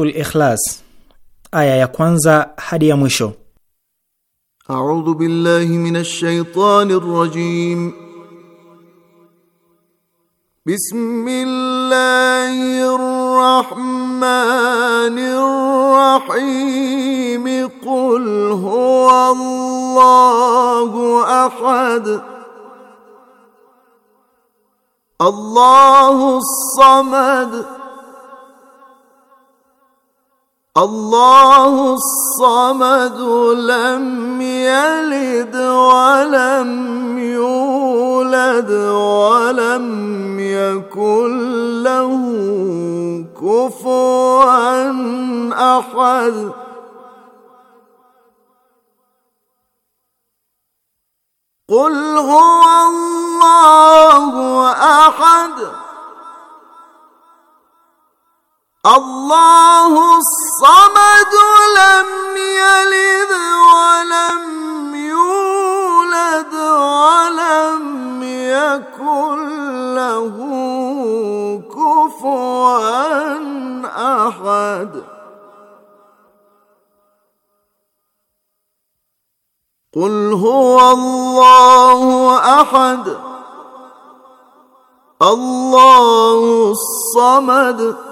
Suratul Ikhlas aya ya kwanza hadi ya mwisho. A'udhu billahi minash shaitanir rajim. Bismillahir rahmanir rahim. Qul huwallahu ahad. Allahu samad. الله الصمد لم يلد ولم يولد ولم يكن له كفوا احد قل هو الله احد الله الصمد الصمد لم يلد ولم يولد ولم يكن له كفوا احد قل هو الله احد الله الصمد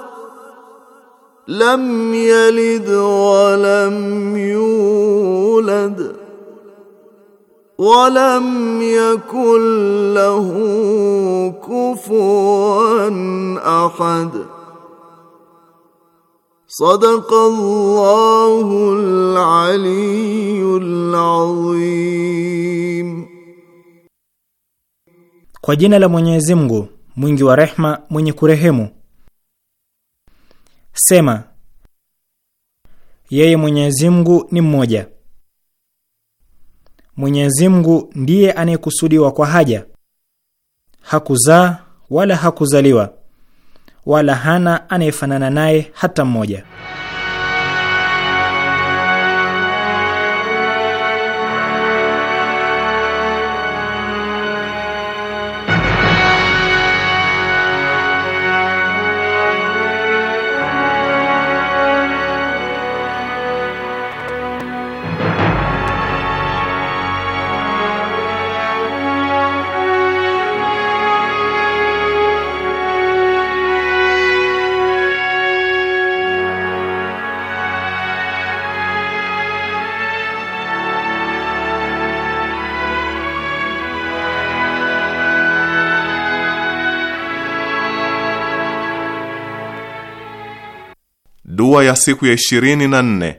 لم يلد ولم يولد ولم يكن له كفوا احد صدق الله العلي العظيم kwa jina la mwenyezi mungu mwingi wa rehma mwenye kurehemu Sema, yeye Mwenyezi Mungu ni mmoja. Mwenyezi Mungu ndiye anayekusudiwa kwa haja. Hakuzaa wala hakuzaliwa, wala hana anayefanana naye hata mmoja. siku ya ishirini na nne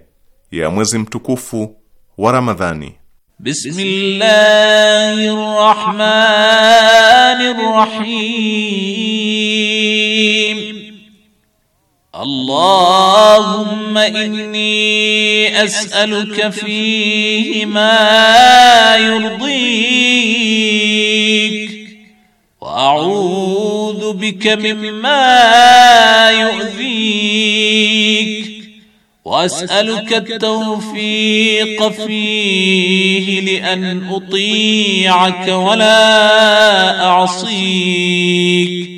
ya mwezi mtukufu wa Ramadhani. Bismillahir Rahmanir Rahim. Allahumma inni as'aluka fihi ma yurdik wa a'udhu bika mimma yu'dhik واسالك التوفيق فيه لان اطيعك ولا اعصيك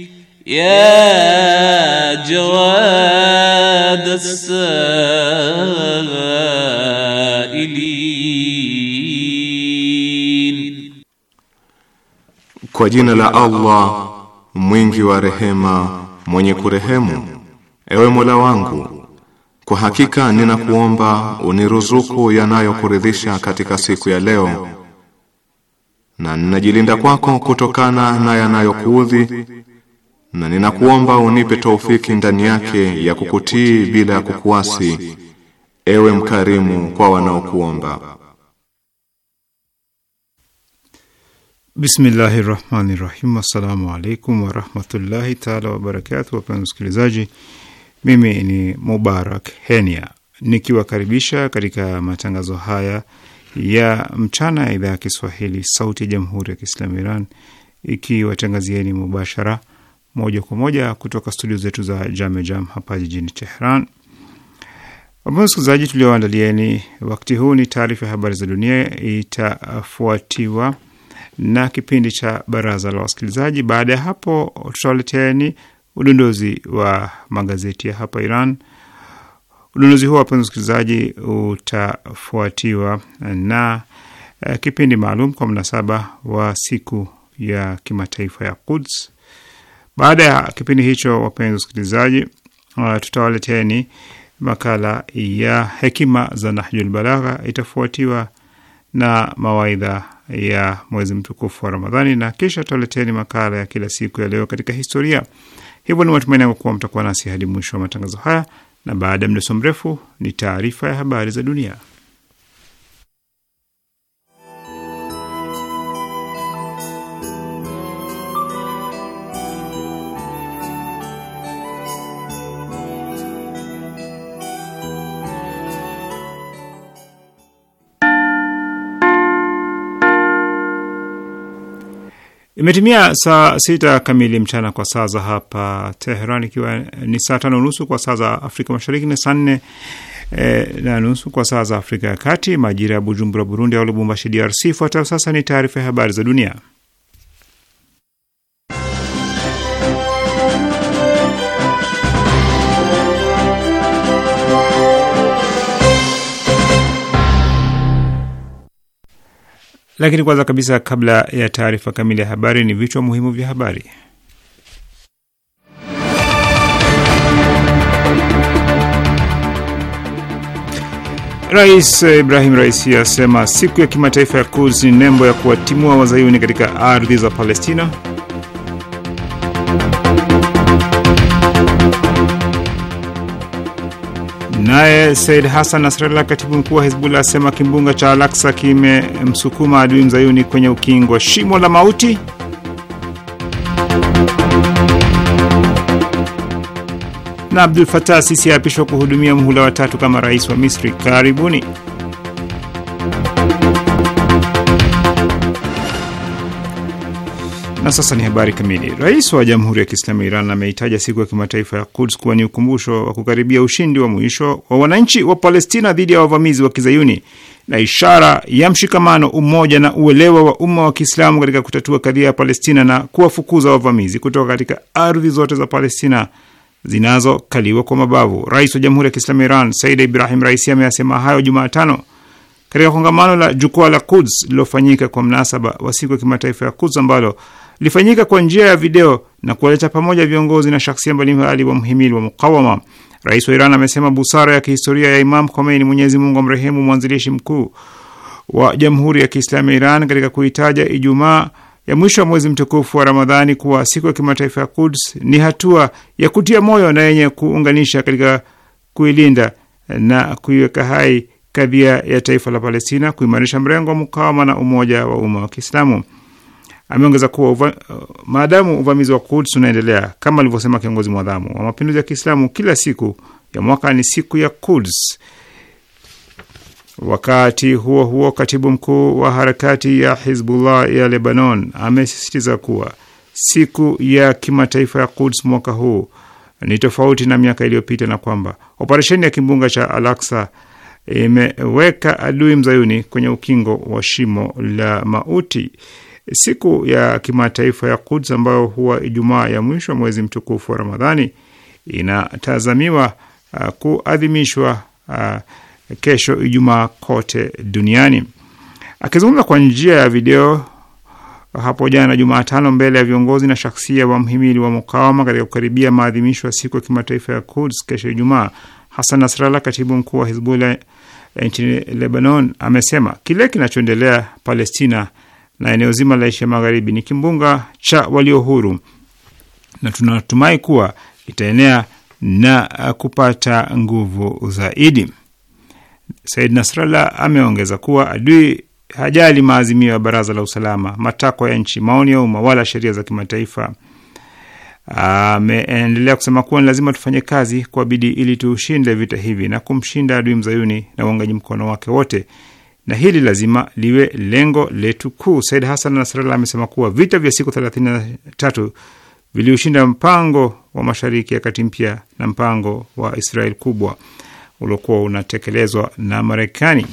يا جواد السائلين كوجين لا الله موينجي ورحمه مونيكو رحمه ايوه مولا وانكو Kwa hakika ninakuomba uniruzuku yanayokuridhisha katika siku ya leo, na ninajilinda kwako kutokana na yanayokuudhi, na ninakuomba unipe taufiki ndani yake ya kukutii bila ya kukuasi, ewe mkarimu kwa wanaokuomba. Bismillahi rahmani rahim. Assalamu alaikum warahmatullahi taala wabarakatu. Wapenzi wasikilizaji mimi ni Mubarak Henia nikiwakaribisha katika matangazo haya ya mchana ya idhaa ya Kiswahili sauti ya jamhuri ya Kiislamu Iran ikiwatangazieni mubashara moja kwa moja kutoka studio zetu za Jamejam Jam hapa jijini Tehran. Wapenzi wasikilizaji, tulioandalieni wakti huu ni taarifa ya habari za dunia, itafuatiwa na kipindi cha baraza la wasikilizaji. Baada ya hapo tutawaleteeni udondozi wa magazeti ya hapa Iran. Udondozi huo, wapenzi wasikilizaji, utafuatiwa na uh, kipindi maalum kwa mnasaba wa siku ya kimataifa ya Quds. Baada ya kipindi hicho, wapenzi wasikilizaji, uh, tutawaleteni makala ya hekima za Nahjul Balagha, itafuatiwa na mawaidha ya mwezi mtukufu wa Ramadhani na kisha tutawaleteni makala ya kila siku ya leo katika historia Hivyo ni matumaini yangu kuwa mtakuwa nasi hadi mwisho wa matangazo haya, na baada ya mdoso mrefu ni taarifa ya habari za dunia. Imetimia saa sita kamili mchana kwa saa za hapa Teheran, ikiwa ni saa tano nusu kwa saa za Afrika Mashariki na saa nne E, na nusu kwa saa za Afrika ya Kati, majira ya Bujumbura, Burundi, au Lubumbashi, DRC. Ifuatayo sasa ni taarifa ya habari za dunia. Lakini kwanza kabisa, kabla ya taarifa kamili ya habari, ni vichwa muhimu vya habari. Rais Ibrahim Raisi asema siku ya kimataifa ya Quds ni nembo ya kuwatimua wazayuni katika ardhi za Palestina. Naye Said Hassan Nasrallah, katibu mkuu wa Hizbullah, asema kimbunga cha Alaksa kimemsukuma adui mzayuni kwenye ukingo shimo la mauti. Na Abdul Fatah Sisi aapishwa kuhudumia muhula watatu kama rais wa Misri. Karibuni. Na sasa ni habari kamili. Rais wa Jamhuri ya Kiislamu ya Iran ameitaja siku ya kimataifa ya Quds kuwa ni ukumbusho wa kukaribia ushindi wa mwisho wa wananchi wa Palestina dhidi ya wavamizi wa Kizayuni na ishara ya mshikamano, umoja na uelewa wa umma wa Kiislamu katika kutatua kadhia ya Palestina na kuwafukuza wavamizi kutoka katika ardhi zote za Palestina zinazokaliwa kwa mabavu. Rais wa Jamhuri ya Kiislamu ya Iran Said Ibrahim Raisi ameyasema hayo Jumatano katika kongamano la jukwaa la Quds lililofanyika kwa mnasaba wa siku ya kimataifa ya Quds ambalo lilifanyika kwa njia ya video na kuwaleta pamoja viongozi na shaksia mbalimbali wa mhimili wa mukawama. Rais wa Iran amesema busara ya kihistoria ya Imam Khomeini, Mwenyezi Mungu amrehemu, mwanzilishi mkuu wa Jamhuri ya Kiislamu ya Iran, katika kuitaja Ijumaa ya mwisho wa mwezi mtukufu wa Ramadhani kuwa siku ya kimataifa ya Quds ni hatua ya kutia moyo na yenye kuunganisha katika kuilinda na kuiweka hai kadhia ya taifa la Palestina, kuimarisha mrengo wa mukawama na umoja wa umma wa Kiislamu. Ameongeza kuwa uva, uh, maadamu uvamizi wa Kuds unaendelea, kama alivyosema kiongozi mwadhamu wa mapinduzi ya Kiislamu, kila siku ya mwaka ni siku ya Kuds. Wakati huo huo, katibu mkuu wa harakati ya Hizbullah ya Lebanon amesisitiza kuwa siku ya kimataifa ya Kuds mwaka huu ni tofauti na miaka iliyopita na kwamba operesheni ya kimbunga cha Al-Aqsa imeweka adui mzayuni kwenye ukingo wa shimo la mauti. Siku ya kimataifa ya Quds ambayo huwa Ijumaa ya mwisho wa mwezi mtukufu wa Ramadhani inatazamiwa uh, kuadhimishwa uh, kesho Ijumaa kote duniani. Akizungumza kwa njia ya video uh, hapo jana Jumatano mbele ya viongozi na shaksia wa mhimili wa mukawama katika kukaribia maadhimisho ya siku ya kimataifa ya Quds kesho Ijumaa, Hasan Nasrallah, katibu mkuu wa Hizbullah eh, nchini Lebanon, amesema kile kinachoendelea Palestina na eneo zima la Asia Magharibi ni kimbunga cha walio huru, na tunatumai kuwa itaenea na uh, kupata nguvu zaidi. Said Nasrallah ameongeza kuwa adui hajali maazimio ya Baraza la Usalama, matakwa ya nchi, maoni ya umma, wala sheria za kimataifa. Ameendelea kusema kuwa ni lazima tufanye kazi kwa bidii ili tushinde vita hivi na kumshinda adui mzayuni na uungaji mkono wake wote na hili lazima liwe lengo letu kuu. Said Hassan Nasrallah amesema kuwa vita vya siku thelathini na tatu viliushinda mpango wa Mashariki ya Kati mpya na mpango wa Israel kubwa uliokuwa unatekelezwa na Marekani.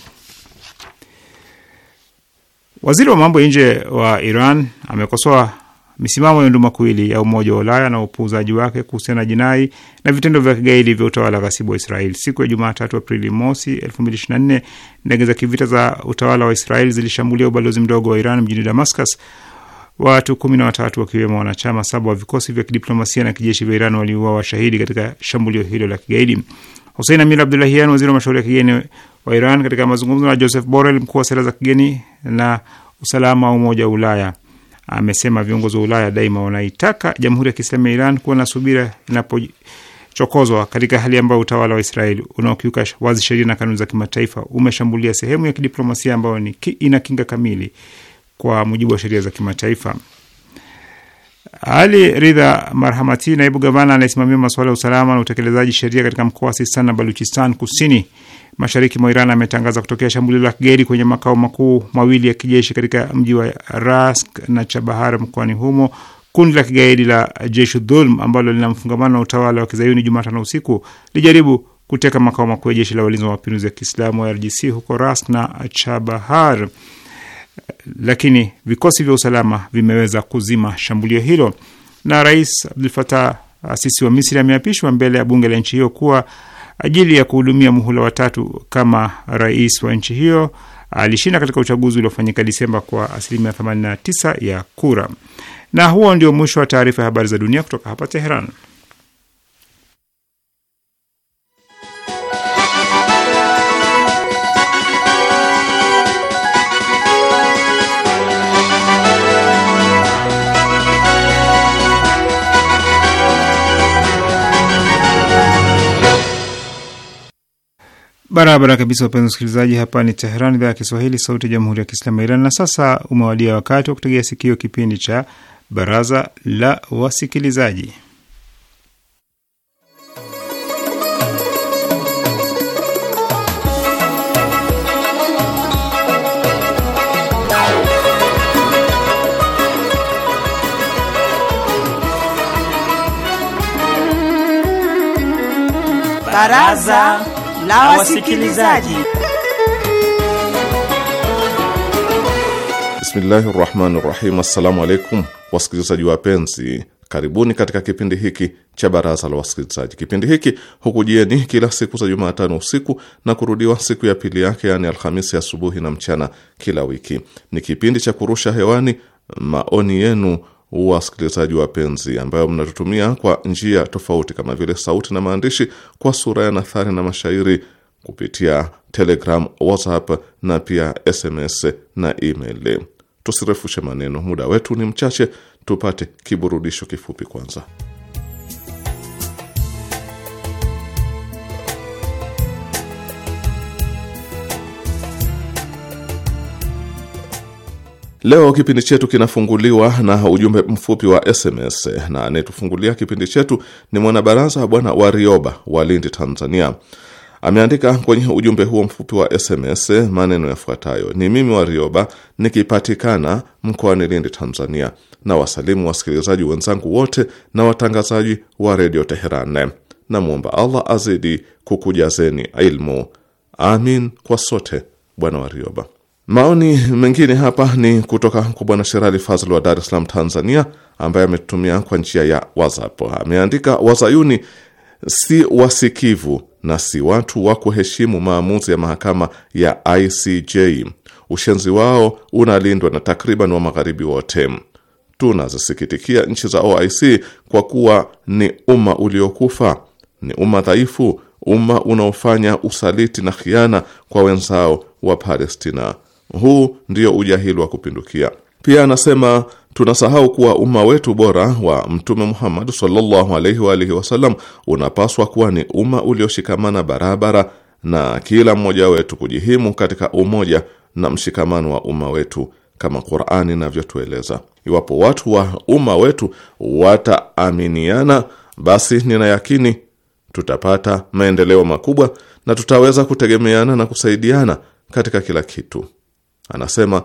Waziri wa mambo ya nje wa Iran amekosoa misimamo ya ndumakuwili ya Umoja wa Ulaya na upuuzaji wake kuhusiana na jinai na vitendo vya kigaidi vya utawala ghasibu wa Israeli. Siku ya Jumatatu, Aprili mosi 2024, ndege za kivita za utawala wa Israeli zilishambulia ubalozi mdogo wa Iran mjini Damascus. Watu kumi na watatu wakiwemo wanachama saba wa vikosi vya kidiplomasia na kijeshi vya Iran waliuawa washahidi katika shambulio hilo la kigaidi. Hussein Amir Abdulahian, waziri wa mashauri ya kigeni wa Iran, katika mazungumzo na Joseph Borrell, mkuu wa sera za kigeni na usalama wa Umoja wa Ulaya amesema viongozi wa Ulaya daima wanaitaka Jamhuri ya Kiislamu ya Iran kuwa na subira inapochokozwa katika hali ambayo utawala wa Israeli unaokiuka wazi sheria na kanuni za kimataifa umeshambulia sehemu ya kidiplomasia ambayo ina kinga kamili kwa mujibu wa sheria za kimataifa. Ali Ridha Marhamati, naibu gavana anayesimamia masuala ya usalama na utekelezaji sheria katika mkoa wa Sistan na Baluchistan kusini mashariki mwa Iran, ametangaza kutokea shambulio la kigeri kwenye makao makuu mawili ya kijeshi katika mji wa Rask na Chabahar mkoani humo. Kundi la kigaidi la Jeshu Dhulm ambalo lina mfungamano na utawala wa kizayuni Jumatano usiku lijaribu kuteka makao makuu ya jeshi la walinzi wa mapinduzi ya Kiislamu wa RGC huko Rask na Chabahar lakini vikosi vya usalama vimeweza kuzima shambulio hilo. Na Rais Abdul Fatah Asisi wa Misri ameapishwa mbele ya bunge la nchi hiyo kuwa ajili ya kuhudumia muhula watatu kama rais wa nchi hiyo. Alishinda katika uchaguzi uliofanyika Disemba kwa asilimia 89 ya kura. Na huo ndio mwisho wa taarifa ya habari za dunia kutoka hapa Teheran. Barabara kabisa, wapenzi wasikilizaji, hapa ni Teheran, idhaa ya Kiswahili, sauti ya jamhuri ya kiislamu ya Iran. Na sasa umewadia wakati wa kutegea sikio kipindi cha baraza la wasikilizaji. Baraza la wasikilizaji. Bismillahi rahmani rahim. Assalamu alaikum wasikilizaji wapenzi, karibuni katika kipindi hiki cha baraza la wasikilizaji. Kipindi hiki hukujieni kila siku za Jumatano usiku na kurudiwa siku ya pili yake, yaani Alhamisi asubuhi ya na mchana kila wiki. Ni kipindi cha kurusha hewani maoni yenu wasikilizaji wapenzi, ambayo mnatutumia kwa njia tofauti kama vile sauti na maandishi, kwa sura ya nathari na mashairi kupitia Telegram, WhatsApp na pia SMS na email. Tusirefushe maneno, muda wetu ni mchache, tupate kiburudisho kifupi kwanza. Leo kipindi chetu kinafunguliwa na ujumbe mfupi wa SMS na anayetufungulia kipindi chetu ni mwanabaraza Bwana Warioba wa Lindi, Tanzania. Ameandika kwenye ujumbe huo mfupi wa SMS maneno yafuatayo: ni mimi Warioba nikipatikana mkoani Lindi, Tanzania, na wasalimu wasikilizaji wenzangu wote na watangazaji wa redio Teheran. Namwomba Allah azidi kukujazeni ilmu, amin kwa sote. Bwana Warioba. Maoni mengine hapa ni kutoka kwa bwana Sherali Fazl wa Dar es Salaam, Tanzania, ambaye ametumia kwa njia ya WhatsApp. Ameandika, wazayuni si wasikivu na si watu wa kuheshimu maamuzi ya mahakama ya ICJ. Ushenzi wao unalindwa na takriban wa magharibi wote. Tunazisikitikia nchi za OIC kwa kuwa ni umma uliokufa, ni umma dhaifu, umma unaofanya usaliti na khiana kwa wenzao wa Palestina. Huu ndio ujahili wa kupindukia. Pia anasema tunasahau kuwa umma wetu bora wa Mtume Muhammad sallallahu alaihi wa alihi wasallam unapaswa kuwa ni umma ulioshikamana barabara, na kila mmoja wetu kujihimu katika umoja na mshikamano wa umma wetu kama Qur'ani inavyotueleza. Iwapo watu wa umma wetu wataaminiana, basi nina yakini tutapata maendeleo makubwa na tutaweza kutegemeana na kusaidiana katika kila kitu. Anasema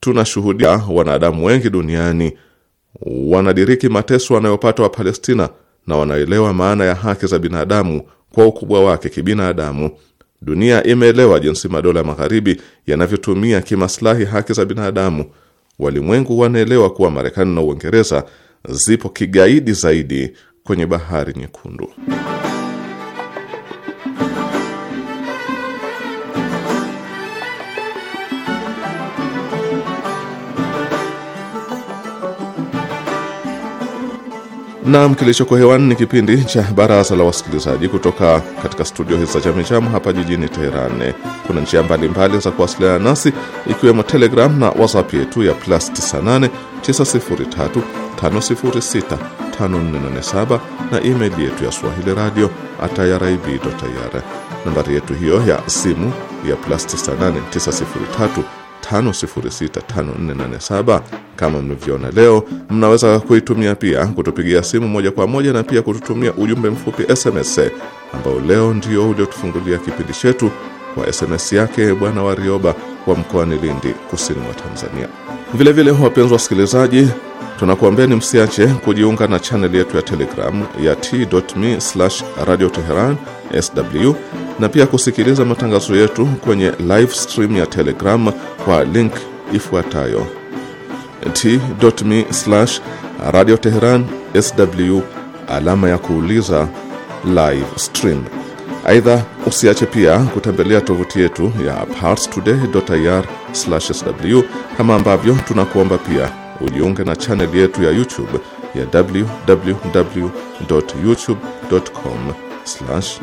tunashuhudia wanadamu wengi duniani wanadiriki mateso wanayopata Wapalestina na wanaelewa maana ya haki za binadamu kwa ukubwa wake kibinadamu. Dunia imeelewa jinsi madola ya magharibi yanavyotumia kimaslahi haki za binadamu. Walimwengu wanaelewa kuwa Marekani na Uingereza zipo kigaidi zaidi kwenye bahari nyekundu. Nam, kilichoko hewani ni kipindi cha baraza la wasikilizaji kutoka katika studio hizi za Jamijamu hapa jijini Teheran. Kuna njia mbalimbali za kuwasiliana nasi, ikiwemo Telegram na WhatsApp yetu ya plus 98 na email yetu ya swahili radio irib.ir. Nambari yetu hiyo ya simu ya plus 98 903 5065487 kama mlivyoona leo. Mnaweza kuitumia pia kutupigia simu moja kwa moja na pia kututumia ujumbe mfupi SMS ambao leo ndio uliotufungulia kipindi chetu kwa SMS yake Bwana Warioba wa mkoani Lindi, kusini mwa Tanzania. Vilevile wapenzi wasikilizaji, ni msiache kujiunga na chaneli yetu ya Telegram ya t.me/radio Teheran sw na pia kusikiliza matangazo yetu kwenye live stream ya Telegram kwa link ifuatayo t.me radio Teheran sw alama ya kuuliza live stream. Aidha, usiache pia kutembelea tovuti yetu ya parstoday.ir/sw, kama ambavyo tunakuomba pia ujiunge na chaneli yetu ya YouTube ya www.youtube.com slash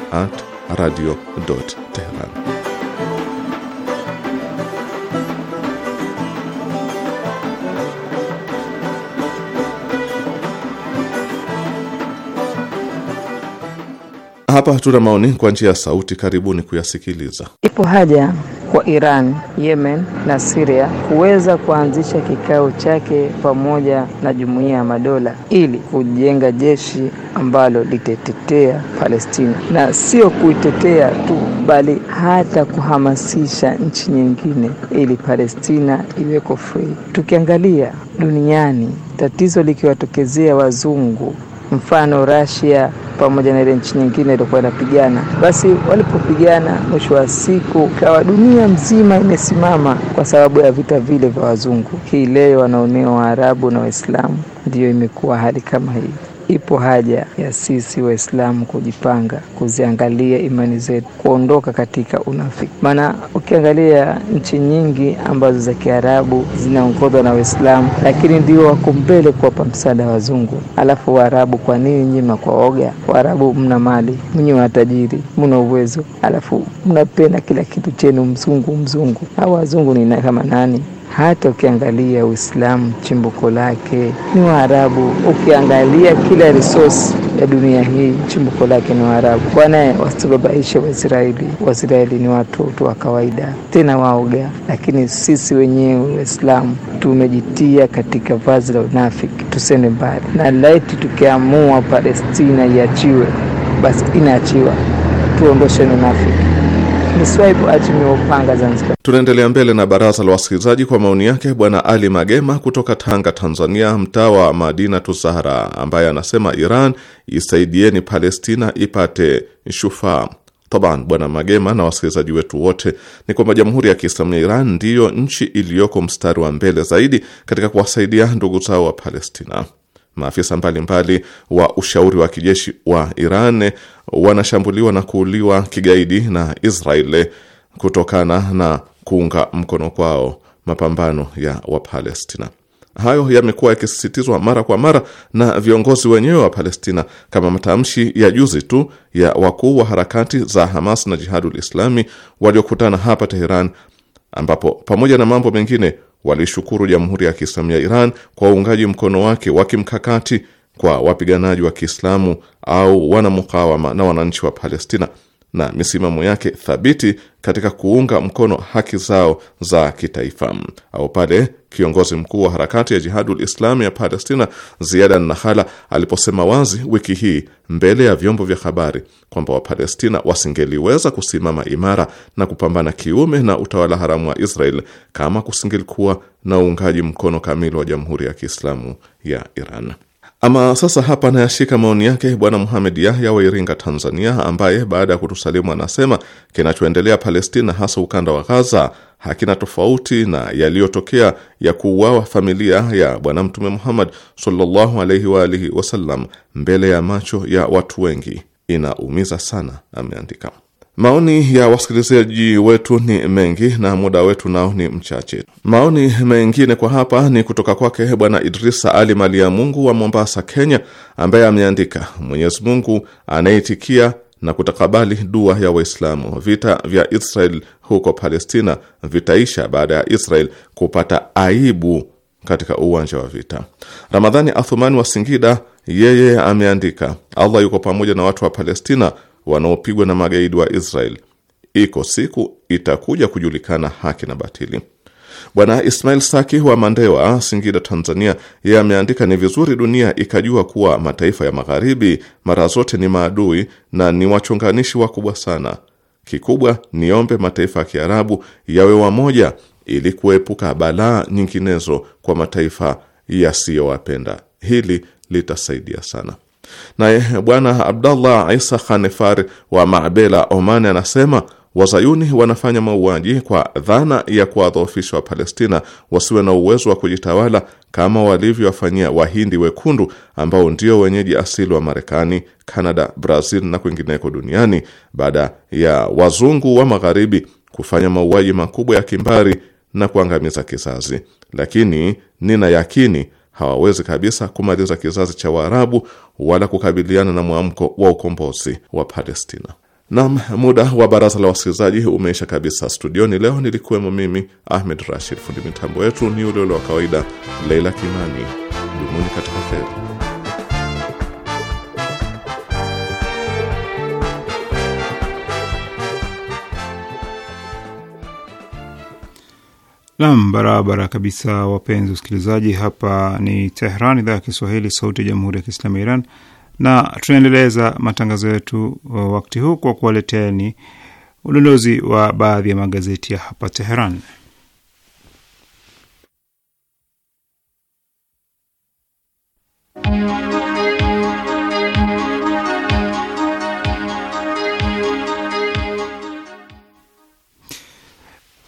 Hapa hatuna maoni kwa njia ya sauti, karibuni kuyasikiliza. Ipo haja kwa Iran, Yemen na Syria kuweza kuanzisha kikao chake pamoja na Jumuiya ya Madola ili kujenga jeshi ambalo litatetea Palestina na sio kuitetea tu, bali hata kuhamasisha nchi nyingine ili Palestina iweko free. Tukiangalia duniani, tatizo likiwatokezea wazungu mfano Russia pamoja na ile nchi nyingine ilikuwa inapigana. Basi walipopigana, mwisho wa siku kawa dunia mzima imesimama kwa sababu ya vita vile vya wazungu. Hii leo wa Waarabu na Waislamu, ndiyo imekuwa hali kama hii. Ipo haja ya sisi Waislamu kujipanga, kuziangalia imani zetu, kuondoka katika unafiki. Maana ukiangalia nchi nyingi ambazo za Kiarabu zinaongozwa na Waislamu, lakini ndio wako mbele kuwapa msaada wazungu. Alafu Waarabu, kwa nini nyima kwa oga? Waarabu mna mali, mwenye watajiri, mna uwezo, alafu mnapenda kila kitu chenu mzungu mzungu. Hawa wazungu ni kama nani? Hata ukiangalia Uislamu chimbuko lake ni Waarabu. Ukiangalia kila resource ya dunia hii chimbuko lake ni Waarabu. Wanaye wasibabaishe Waisraeli. Waisraeli ni watoto wa kawaida, tena waoga. Lakini sisi wenyewe Waislamu tumejitia katika vazi la unafiki. Tusende mbali na laiti, tukiamua Palestina iachiwe, basi inaachiwa, tuondoshe unafiki ni swaibu Zanzibar. Tunaendelea mbele na baraza la wasikilizaji kwa maoni yake Bwana Ali Magema kutoka Tanga, Tanzania, mtaa wa Madina Tusahara, ambaye anasema Iran isaidieni Palestina ipate shufaa. Taban, Bwana Magema na wasikilizaji wetu wote, ni kwamba Jamhuri ya Kiislamu ya Iran ndiyo nchi iliyoko mstari wa mbele zaidi katika kuwasaidia ndugu zao wa Palestina. Maafisa mbalimbali wa ushauri wa kijeshi wa Iran wanashambuliwa na kuuliwa kigaidi na Israel kutokana na kuunga mkono kwao mapambano ya Wapalestina. Hayo yamekuwa yakisisitizwa mara kwa mara na viongozi wenyewe wa Palestina, kama matamshi ya juzi tu ya wakuu wa harakati za Hamas na Jihadul Islami waliokutana hapa Teheran, ambapo pamoja na mambo mengine walishukuru Jamhuri ya Kiislamu ya Iran kwa uungaji mkono wake wa kimkakati kwa wapiganaji wa Kiislamu au wanamukawama na wananchi wa Palestina na misimamo yake thabiti katika kuunga mkono haki zao za kitaifa, au pale kiongozi mkuu wa harakati ya Jihadul Islami ya Palestina Ziada Nahala aliposema wazi wiki hii mbele ya vyombo vya habari kwamba Wapalestina wasingeliweza kusimama imara na kupambana kiume na utawala haramu wa Israel kama kusingelikuwa na uungaji mkono kamili wa Jamhuri ya Kiislamu ya Iran. Ama sasa hapa anayashika maoni yake Bwana Muhamed Yahya wa Iringa, Tanzania, ambaye baada ya kutusalimu anasema kinachoendelea Palestina, hasa ukanda wa Ghaza, hakina tofauti na yaliyotokea ya kuuawa familia ya Bwana Mtume Muhammad sallallahu alaihi wa alihi wasallam mbele ya macho ya watu wengi. Inaumiza sana, ameandika. Maoni ya wasikilizaji wetu ni mengi na muda wetu nao ni mchache. Maoni mengine kwa hapa ni kutoka kwake Bwana Idrisa Ali mali ya Mungu wa Mombasa, Kenya, ambaye ameandika: Mwenyezi Mungu na kutakabali dua ya Waislamu. Vita vya Israel huko Palestina vitaisha baada ya Israel kupata aibu katika uwanja wa vita. Ramadhani Athumani wa Singida yeye ameandika: Allah yuko pamoja na watu wa Palestina wanaopigwa na magaidi wa Israel, iko siku itakuja kujulikana haki na batili. Bwana Ismail Saki wa Mandewa, Singida, Tanzania, yeye ameandika ni vizuri dunia ikajua kuwa mataifa ya magharibi mara zote ni maadui na ni wachonganishi wakubwa sana. Kikubwa niombe mataifa ya Kiarabu yawe wamoja ili kuepuka balaa nyinginezo kwa mataifa yasiyowapenda. Hili litasaidia sana. Naye bwana Abdallah Isa Khanefar wa Mabela, Oman, anasema Wazayuni wanafanya mauaji kwa dhana ya kuwadhoofisha wa palestina wasiwe na uwezo wa kujitawala kama walivyowafanyia Wahindi wekundu ambao ndio wenyeji asili wa Marekani, Kanada, Brazil na kwingineko duniani baada ya wazungu wa magharibi kufanya mauaji makubwa ya kimbari na kuangamiza kizazi. Lakini nina yakini hawawezi kabisa kumaliza kizazi cha Waarabu wala kukabiliana na mwamko wa ukombozi wa Palestina. Nam, muda wa baraza la wasikilizaji umeisha kabisa. Studioni leo nilikuwemo mimi Ahmed Rashid, fundi mitambo yetu ni ule ule wa kawaida, Leila Kimani. Dumuni katika feri. Nam, barabara kabisa, wapenzi wasikilizaji, hapa ni Tehran, idhaa ya Kiswahili, sauti ya jamhuri ya kiislamu ya Iran, na tunaendeleza matangazo yetu uh, wakati huu kwa kuwaleteni udondozi wa baadhi ya magazeti ya hapa Teheran.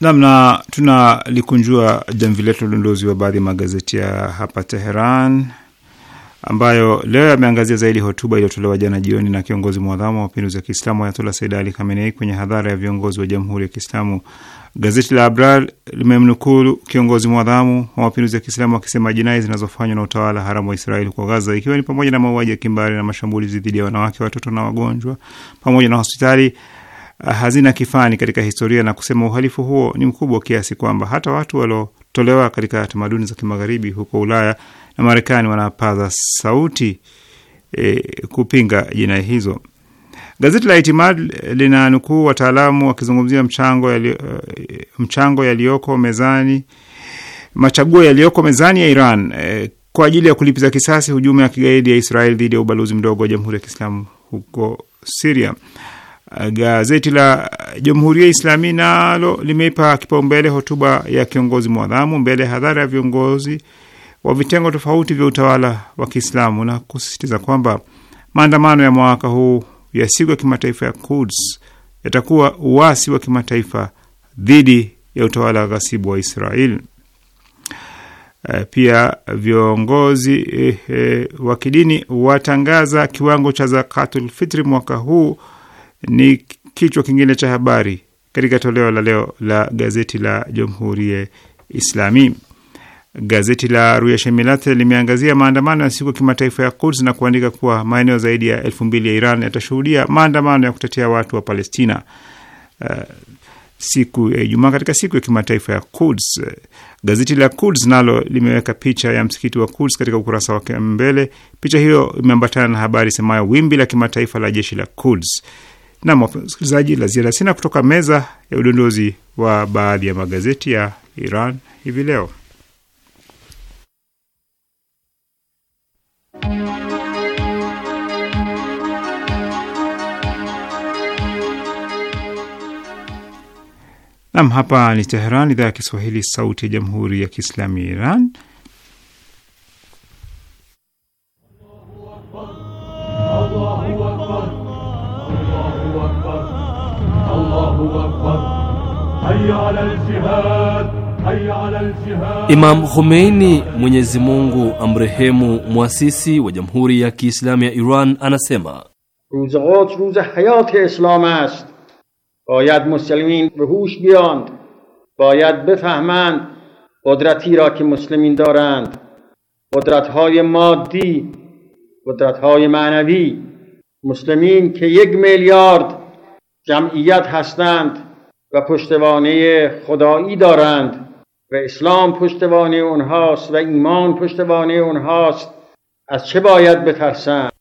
namna tunalikunjua jamvi letu udondozi wa baadhi ya magazeti ya hapa Teheran ambayo leo yameangazia zaidi hotuba iliyotolewa jana jioni na kiongozi mwadhamu wa mapinduzi ya Kiislamu Ayatollah Said Ali Khamenei kwenye hadhara ya viongozi wa Jamhuri ya Kiislamu. Gazeti la Abrar limemnukuu kiongozi mwadhamu wa mapinduzi ya Kiislamu akisema jinai zinazofanywa na utawala haramu wa Israeli kwa Gaza, ikiwa ni pamoja na mauaji ya kimbari na mashambulizi dhidi ya wanawake, watoto na wagonjwa, pamoja na hospitali hazina kifani katika historia na kusema uhalifu huo ni mkubwa kiasi kwamba hata watu waliotolewa katika tamaduni za kimagharibi huko Ulaya na Marekani wanapaza sauti e, kupinga jinai hizo. Gazeti la Itimad lina nukuu wataalamu wakizungumzia mchango yali, e, mchango yaliyoko mezani, machaguo yaliyoko mezani ya Iran e, kwa ajili ya kulipiza kisasi hujuma ya kigaidi ya Israel dhidi ya ubalozi mdogo wa Jamhuri ya Kiislamu huko Siria. Uh, gazeti la uh, Jamhuri ya Islami nalo limeipa kipaumbele hotuba ya kiongozi mwadhamu mbele ya hadhara ya viongozi wa vitengo tofauti vya utawala wa Kiislamu na kusisitiza kwamba maandamano ya mwaka huu ya siku ya kimataifa ya Quds yatakuwa uasi wa kimataifa dhidi ya utawala wa ghasibu wa Israel. Uh, pia viongozi eh, eh, wa kidini watangaza kiwango cha zakatul fitri mwaka huu ni kichwa kingine cha habari katika toleo la leo la gazeti la Jamhuri ya Islami. Gazeti la Ruya Shemilate limeangazia maandamano ya siku ya kimataifa ya Quds na kuandika kuwa maeneo zaidi ya elfu mbili ya Iran yatashuhudia maandamano ya kutetea watu wa Palestina uh, siku ya Ijumaa katika siku ya kimataifa ya Quds. Gazeti la Quds nalo limeweka picha ya msikiti wa Quds katika ukurasa wake mbele. Picha hiyo imeambatana na habari semayo wimbi la kimataifa la jeshi la Quds na wasikilizaji, la ziada sina kutoka meza ya udondozi wa baadhi ya magazeti ya Iran hivi leo. Nam, hapa ni Teheran, idhaa ya Kiswahili, sauti ya jamhuri ya kiislamu ya Iran. Imam Khomeini, Mwenyezi Mungu موسیسی و جمهوری Jamhuri اسلام ایران، ya Iran روز قدس روز حیات اسلام است باید مسلمین به هوش بیاند باید بفهمند قدرتی را که مسلمین دارند های مادی های معنوی مسلمین که یک میلیارد جمعیت هستند و پشتوانه خدایی دارند و اسلام پشتوانه اونهاست و ایمان پشتوانه اونهاست از چه باید بترسند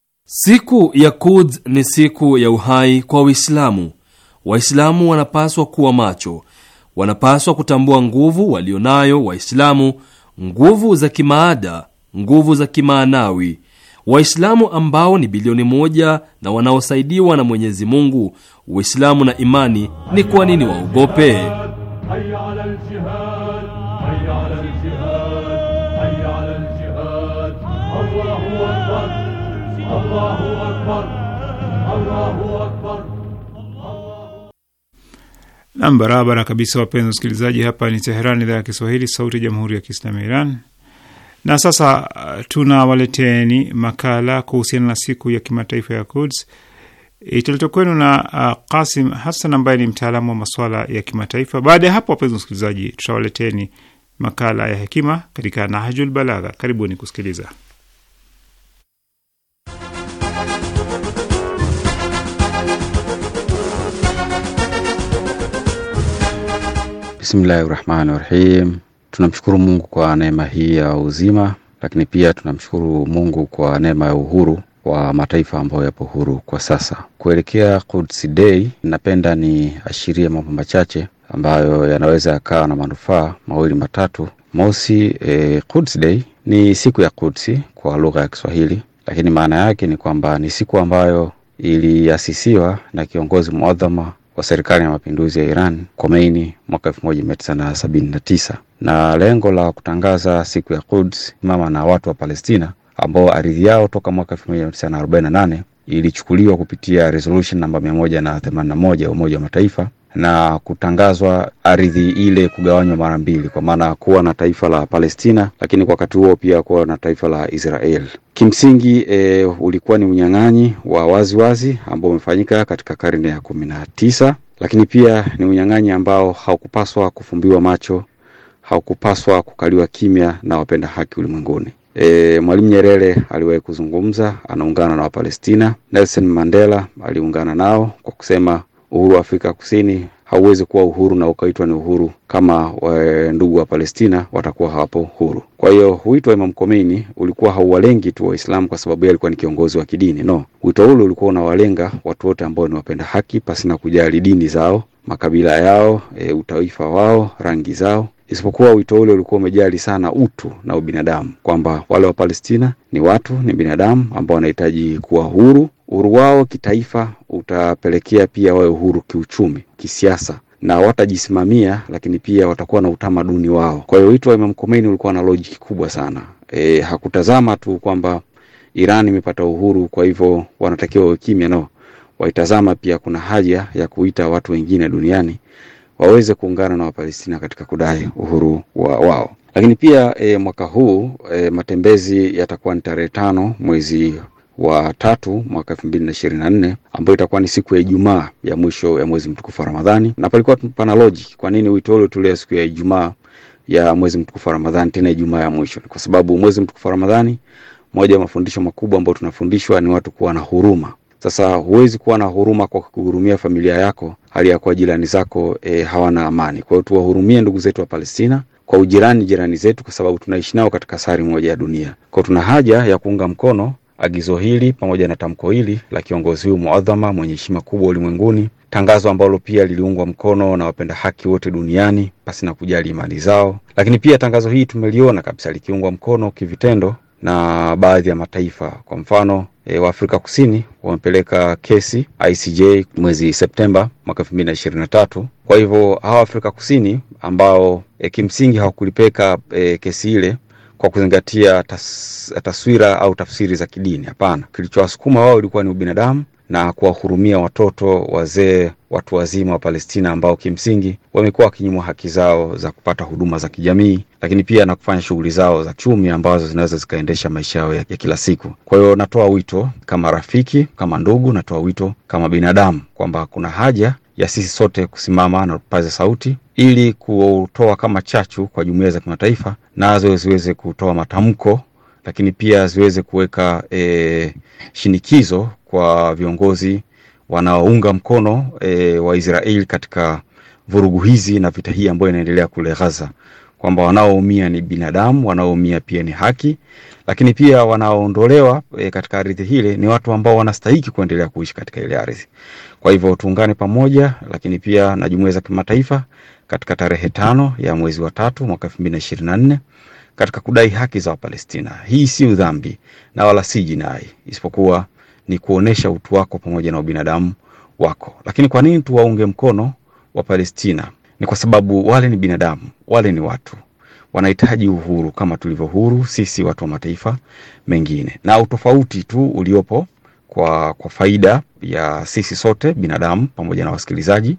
Siku ya Quds ni siku ya uhai kwa Uislamu. Waislamu wanapaswa kuwa macho, wanapaswa kutambua nguvu walionayo Waislamu, nguvu za kimaada, nguvu za kimaanawi Waislamu ambao ni bilioni moja na wanaosaidiwa na Mwenyezi Mungu, Uislamu na imani ni kwa nini waogope? Nam, barabara kabisa, wapenzi wasikilizaji. Hapa ni Teherani, idhaa ya Kiswahili, sauti ya jamhuri ya kiislamu ya Iran. Na sasa uh, tunawaleteni makala kuhusiana na siku ya kimataifa ya Quds italetwa kwenu na uh, Kasim Hassan ambaye ni mtaalamu wa masuala ya kimataifa. Baada ya hapo, wapenzi msikilizaji, tutawaleteni makala ya hekima katika Nahjul Balagha. Karibuni kusikiliza. Bismillahi rahmani rahim tunamshukuru Mungu kwa neema hii ya uzima, lakini pia tunamshukuru Mungu kwa neema ya uhuru wa mataifa ambayo yapo huru kwa sasa. Kuelekea Quds Day, napenda ni ashirie mambo machache ambayo yanaweza yakawa na manufaa mawili matatu. Mosi, eh, Quds Day ni siku ya Quds kwa lugha ya Kiswahili, lakini maana yake ni kwamba ni siku ambayo iliasisiwa na kiongozi mwadhama wa serikali ya mapinduzi ya Iran Khomeini mwaka 1979 na lengo la kutangaza siku ya Quds mama na watu wa Palestina ambao ardhi yao toka mwaka 1948 ilichukuliwa kupitia resolution namba 181 ya Umoja wa Mataifa na kutangazwa ardhi ile kugawanywa mara mbili, kwa maana kuwa na taifa la Palestina, lakini kwa wakati huo pia kuwa na taifa la Israel. Kimsingi e, ulikuwa ni unyang'anyi wa waziwazi ambao umefanyika katika karne ya kumi na tisa, lakini pia ni unyang'anyi ambao haukupaswa kufumbiwa macho haukupaswa kukaliwa kimya na wapenda haki ulimwenguni. E, Mwalimu Nyerere aliwahi kuzungumza, anaungana na Wapalestina. Nelson Mandela aliungana nao kwa kusema uhuru wa Afrika Kusini hauwezi kuwa uhuru na ukaitwa ni uhuru kama e, ndugu wa Palestina watakuwa hawapo huru. Kwa hiyo wito wa Imam Khomeini ulikuwa hauwalengi tu Waislamu kwa sababu yeye alikuwa ni kiongozi wa kidini. No, wito ule ulikuwa unawalenga watu wote ambao ni wapenda haki pasina kujali dini zao, makabila yao, e, utaifa wao, rangi zao isipokuwa wito ule ulikuwa umejali sana utu na ubinadamu, kwamba wale wa Palestina ni watu, ni binadamu ambao wanahitaji kuwa huru. Uhuru wao kitaifa utapelekea pia wawe uhuru kiuchumi, kisiasa na watajisimamia, lakini pia watakuwa na utamaduni wao. Kwa hiyo wito wa Imam Khomeini ulikuwa na logic kubwa sana. E, hakutazama tu kwamba Iran imepata uhuru, kwa hivyo wanatakiwa wawe kimya. No, waitazama pia kuna haja ya kuita watu wengine duniani waweze kuungana na Wapalestina katika kudai uhuru wa wao. Lakini pia e, mwaka huu e, matembezi yatakuwa ni tarehe tano mwezi wa tatu mwaka elfu mbili na ishirini na nne ambayo itakuwa ni siku ya Ijumaa ya mwisho ya mwezi mtukufu wa Ramadhani, na palikuwa pana loji, kwa nini wito ule tulia siku ya Ijumaa ya mwezi mtukufu wa Ramadhani, tena Ijumaa ya mwisho? Kwa sababu mwezi mtukufu wa Ramadhani, moja ya mafundisho makubwa ambayo tunafundishwa ni watu kuwa na huruma sasa huwezi kuwa na huruma kwa kuhurumia familia yako hali ya kuwa jirani zako e, hawana amani. Kwa hiyo tuwahurumie ndugu zetu wa Palestina kwa ujirani jirani zetu, kwa sababu tunaishi nao katika sari moja ya dunia. Kwa tuna haja ya kuunga mkono agizo hili pamoja na tamko hili la kiongozi huyu muadhama mwenye heshima kubwa ulimwenguni, tangazo ambalo pia liliungwa mkono na wapenda haki wote duniani pasi na kujali imani zao. Lakini pia tangazo hii tumeliona kabisa likiungwa mkono kivitendo na baadhi ya mataifa, kwa mfano e, wa Afrika Kusini wamepeleka kesi ICJ mwezi Septemba mwaka 2023. Kwa hivyo hawa Afrika Kusini ambao e, kimsingi hawakulipeka e, kesi ile kwa kuzingatia tas, taswira au tafsiri za kidini. Hapana, kilichowasukuma wao ilikuwa ni ubinadamu na kuwahurumia watoto, wazee, watu wazima wa Palestina ambao kimsingi wamekuwa wakinyimwa haki zao za kupata huduma za kijamii, lakini pia na kufanya shughuli zao za chumi ambazo zinaweza zikaendesha maisha yao ya, ya kila siku. Kwa hiyo natoa wito kama rafiki, kama ndugu, natoa wito kama binadamu kwamba kuna haja ya sisi sote kusimama na kupaza sauti ili kutoa kama chachu kwa jumuiya za kimataifa nazo ziweze kutoa matamko, lakini pia ziweze kuweka e, shinikizo kwa viongozi wanaounga mkono e, wa Israel katika vurugu hizi na vita hii ambayo inaendelea kule Gaza, kwamba wanaoumia ni binadamu, wanaoumia pia ni haki, lakini pia wanaoondolewa e, katika ardhi hile ni watu ambao wanastahiki kuendelea kuishi katika ile ardhi. Kwa hivyo tuungane pamoja, lakini pia na jumuiya za kimataifa katika tarehe tano ya mwezi wa tatu mwaka elfu mbili na na ishirini nne katika kudai haki za Wapalestina. Hii si udhambi na wala si jinai, isipokuwa ni kuonesha utu wako pamoja na ubinadamu wako. Lakini kwa nini tuwaunge mkono wa Palestina? Ni kwa sababu wale ni binadamu, wale ni watu wanahitaji uhuru kama tulivyo huru sisi watu wa mataifa mengine, na utofauti tu uliopo kwa, kwa faida ya sisi sote binadamu pamoja na wasikilizaji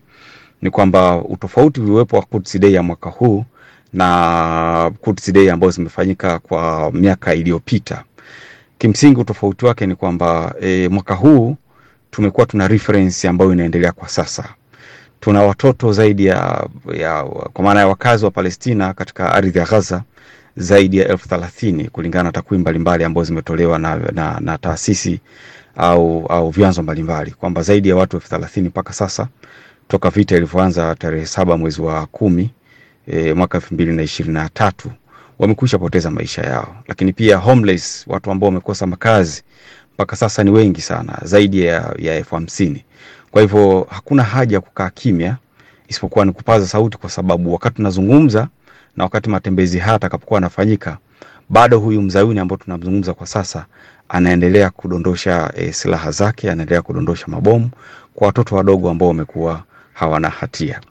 ni kwamba utofauti uliowepo wa Quds Day ya mwaka huu na Quds Day ambayo zimefanyika kwa miaka iliyopita kimsingi utofauti wake ni kwamba e, mwaka huu tumekuwa tuna reference ambayo inaendelea kwa sasa. Tuna watoto zaidi ya, ya kwa maana ya wakazi wa Palestina katika ardhi ya Gaza zaidi ya elfu thelathini kulingana na takwimu mbalimbali ambazo zimetolewa na, na, na taasisi au, au vyanzo mbalimbali kwamba zaidi ya watu elfu thelathini mpaka sasa toka vita ilivyoanza tarehe saba mwezi wa kumi e, mwaka elfu mbili na ishirini na tatu wamekwisha poteza maisha yao, lakini pia homeless, watu ambao wamekosa makazi mpaka sasa ni wengi sana, zaidi ya elfu hamsini. Kwa hivyo hakuna haja ya kukaa kimya, isipokuwa ni kupaza sauti, kwa sababu wakati tunazungumza na wakati matembezi haya atakapokuwa anafanyika, bado huyu mzawini ambao tunamzungumza kwa sasa anaendelea kudondosha e, silaha zake, anaendelea kudondosha mabomu kwa watoto wadogo ambao wamekuwa hawana hatia.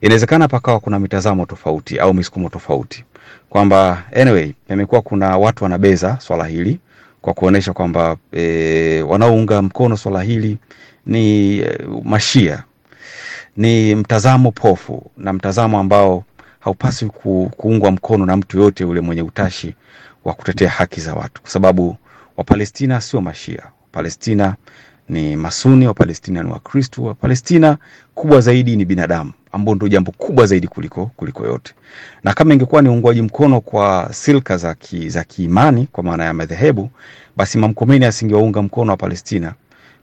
Inawezekana pakawa kuna mitazamo tofauti au misukumo tofauti kwamba anyway, imekuwa kuna watu wanabeza swala hili kwa kuonesha kwamba e, wanaounga mkono swala hili ni e, mashia. Ni mtazamo pofu na mtazamo ambao haupaswi ku, kuungwa mkono na mtu yoyote yule mwenye utashi wa kutetea haki za watu, kwa sababu Wapalestina sio mashia. Wapalestina ni masuni, Wapalestina ni Wakristu, Wapalestina kubwa zaidi ni binadamu ambao ndio jambo kubwa zaidi kuliko, kuliko yote. Na kama ingekuwa ni uungwaji mkono kwa silka za ki, za kiimani kwa maana ya madhehebu, basi Imam Khomeini asingewaunga mkono wa Palestina.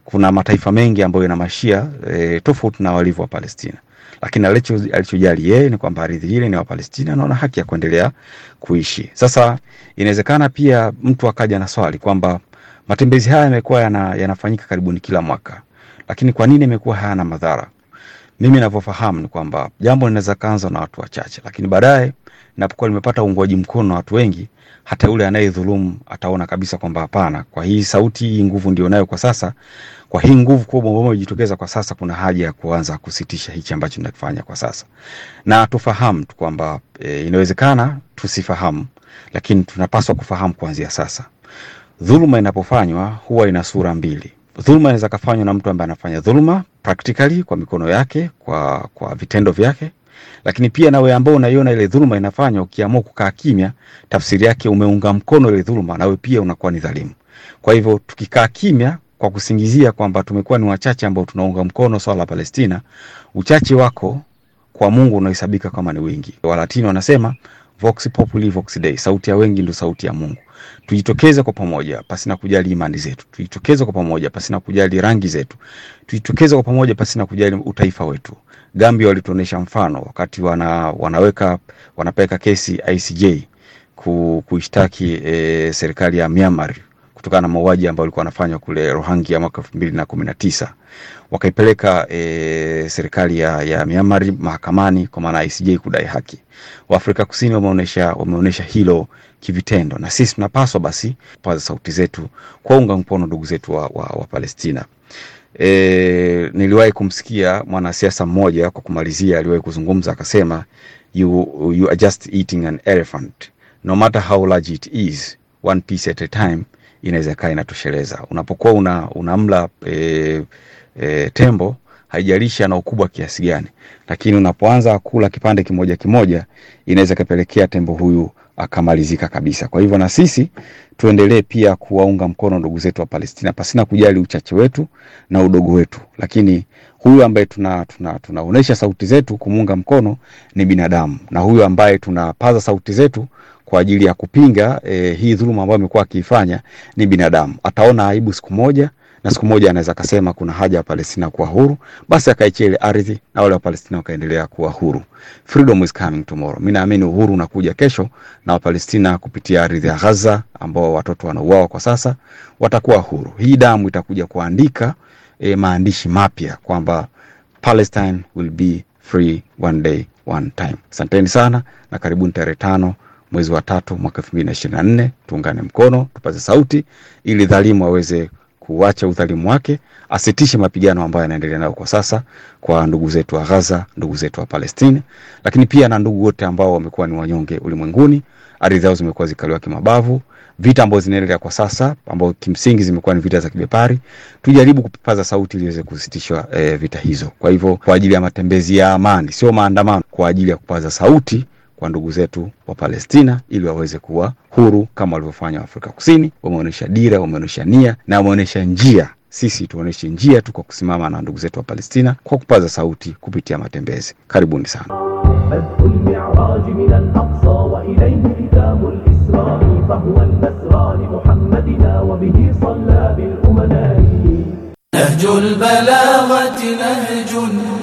Kuna mataifa mengi ambayo yana mashia e, tofauti na walivyo wa Palestina, lakini alichojali yeye ni kwamba ardhi ile ni wa Palestina na wana haki ya kuendelea kuishi. Sasa inawezekana pia mtu akaja na swali kwamba matembezi haya yamekuwa yana, yanafanyika karibuni kila mwaka, lakini kwa nini imekuwa hayana madhara? mimi navyofahamu ni kwamba jambo linaweza kaanza na watu wachache, lakini baadaye napokuwa limepata uungwaji mkono na watu wengi, hata yule anayedhulumu ataona kabisa kwamba hapana, kwa hii sauti, hii nguvu ndio nayo kwa sasa, kwa hii nguvu kubwa ambayo imejitokeza kwa sasa, kuna haja ya kuanza kusitisha hichi ambacho nakifanya kwa sasa. Na tufahamu tu kwamba e, inawezekana tusifahamu, lakini tunapaswa kufahamu kuanzia sasa. Dhuluma inapofanywa huwa ina sura mbili dhuluma inaweza kafanywa na mtu ambaye anafanya dhuluma practically kwa mikono yake, kwa, kwa vitendo vyake, lakini pia nawe ambao unaiona ile dhuluma inafanywa, ukiamua kukaa kimya, tafsiri yake umeunga mkono ile dhuluma, nawe pia unakuwa ni dhalimu. Kwa hivyo tukikaa kimya kwa kusingizia kwamba tumekuwa ni wachache ambao tunaunga mkono swala la Palestina, uchache wako kwa Mungu unahesabika kama ni wingi. Walatini wanasema Vox Populi, Vox Dei, sauti ya wengi ndio sauti ya Mungu. Tujitokeze kwa pamoja pasina kujali imani zetu, tujitokeze kwa pamoja pasina kujali rangi zetu, tujitokeze kwa pamoja pasina kujali utaifa wetu. Gambia walituonesha mfano wakati wana, wanaweka wanapeka kesi ICJ ku, kuishtaki eh, serikali ya Myanmar kutokana na mauaji ambayo alikuwa anafanywa kule Rohingya mwaka elfu mbili na kumi na tisa. Wakaipeleka e, serikali ya, ya Myanmar mahakamani kwa maana ICJ kudai haki. Waafrika Kusini wameonyesha wameonyesha hilo kivitendo, na sisi tunapaswa basi kupaza sauti zetu kuwaunga mkono ndugu zetu wa, wa, wa Palestina. E, niliwahi kumsikia mwanasiasa mmoja kwa kumalizia, aliwahi kuzungumza akasema, you, you are just eating an elephant no matter how large it is one piece at a time inaweza kaa inatosheleza. Unapokuwa una unamla e, e, tembo haijalishi ana ukubwa kiasi gani, lakini unapoanza kula kipande kimoja kimoja inaweza kapelekea tembo huyu akamalizika kabisa. Kwa hivyo na sisi tuendelee pia kuwaunga mkono ndugu zetu wa Palestina pasina kujali uchache wetu na udogo wetu, lakini huyu ambaye tuna tuna sauti zetu kumuunga mkono ni binadamu, na huyu ambaye tunapaza sauti zetu kwa ajili ya kupinga e, hii dhuluma ambayo amekuwa akiifanya ni binadamu. Ataona aibu siku moja na siku moja anaweza akasema kuna haja ya Palestina kuwa huru, basi akaichia ile ardhi na wale wa Palestina wakaendelea kuwa huru. Freedom is coming tomorrow. Mimi naamini uhuru unakuja kesho, na Wapalestina kupitia ardhi ya Gaza ambao watoto wanauawa kwa sasa watakuwa huru. Hii damu itakuja kuandika e, maandishi mapya kwamba Palestine will be free one day one time. Asanteni sana na karibuni tarehe tano mwezi wa tatu mwaka 2024. Tuungane mkono, tupaze sauti ili dhalimu aweze kuacha udhalimu wake, asitishe mapigano ambayo yanaendelea nayo kwa sasa kwa ndugu zetu wa Gaza, ndugu zetu wa Palestina, lakini pia na ndugu wote ambao wamekuwa ni wanyonge ulimwenguni, ardhi zao zimekuwa zikaliwa kimabavu, vita ambazo zinaendelea kwa sasa, ambao kimsingi zimekuwa ni vita za kibepari. Tujaribu kupaza sauti ili iweze kusitishwa e, vita hizo. Kwa hivyo, kwa ajili ya matembezi ya amani, sio maandamano, kwa ajili ya kupaza sauti kwa ndugu zetu wa Palestina ili waweze kuwa huru kama walivyofanya Afrika Kusini. Wameonyesha dira, wameonyesha nia na wameonyesha njia. Sisi tuonyeshe njia tu kwa kusimama na ndugu zetu wa Palestina kwa kupaza sauti kupitia matembezi. Karibuni sana. Nahjul Balaghati nahjun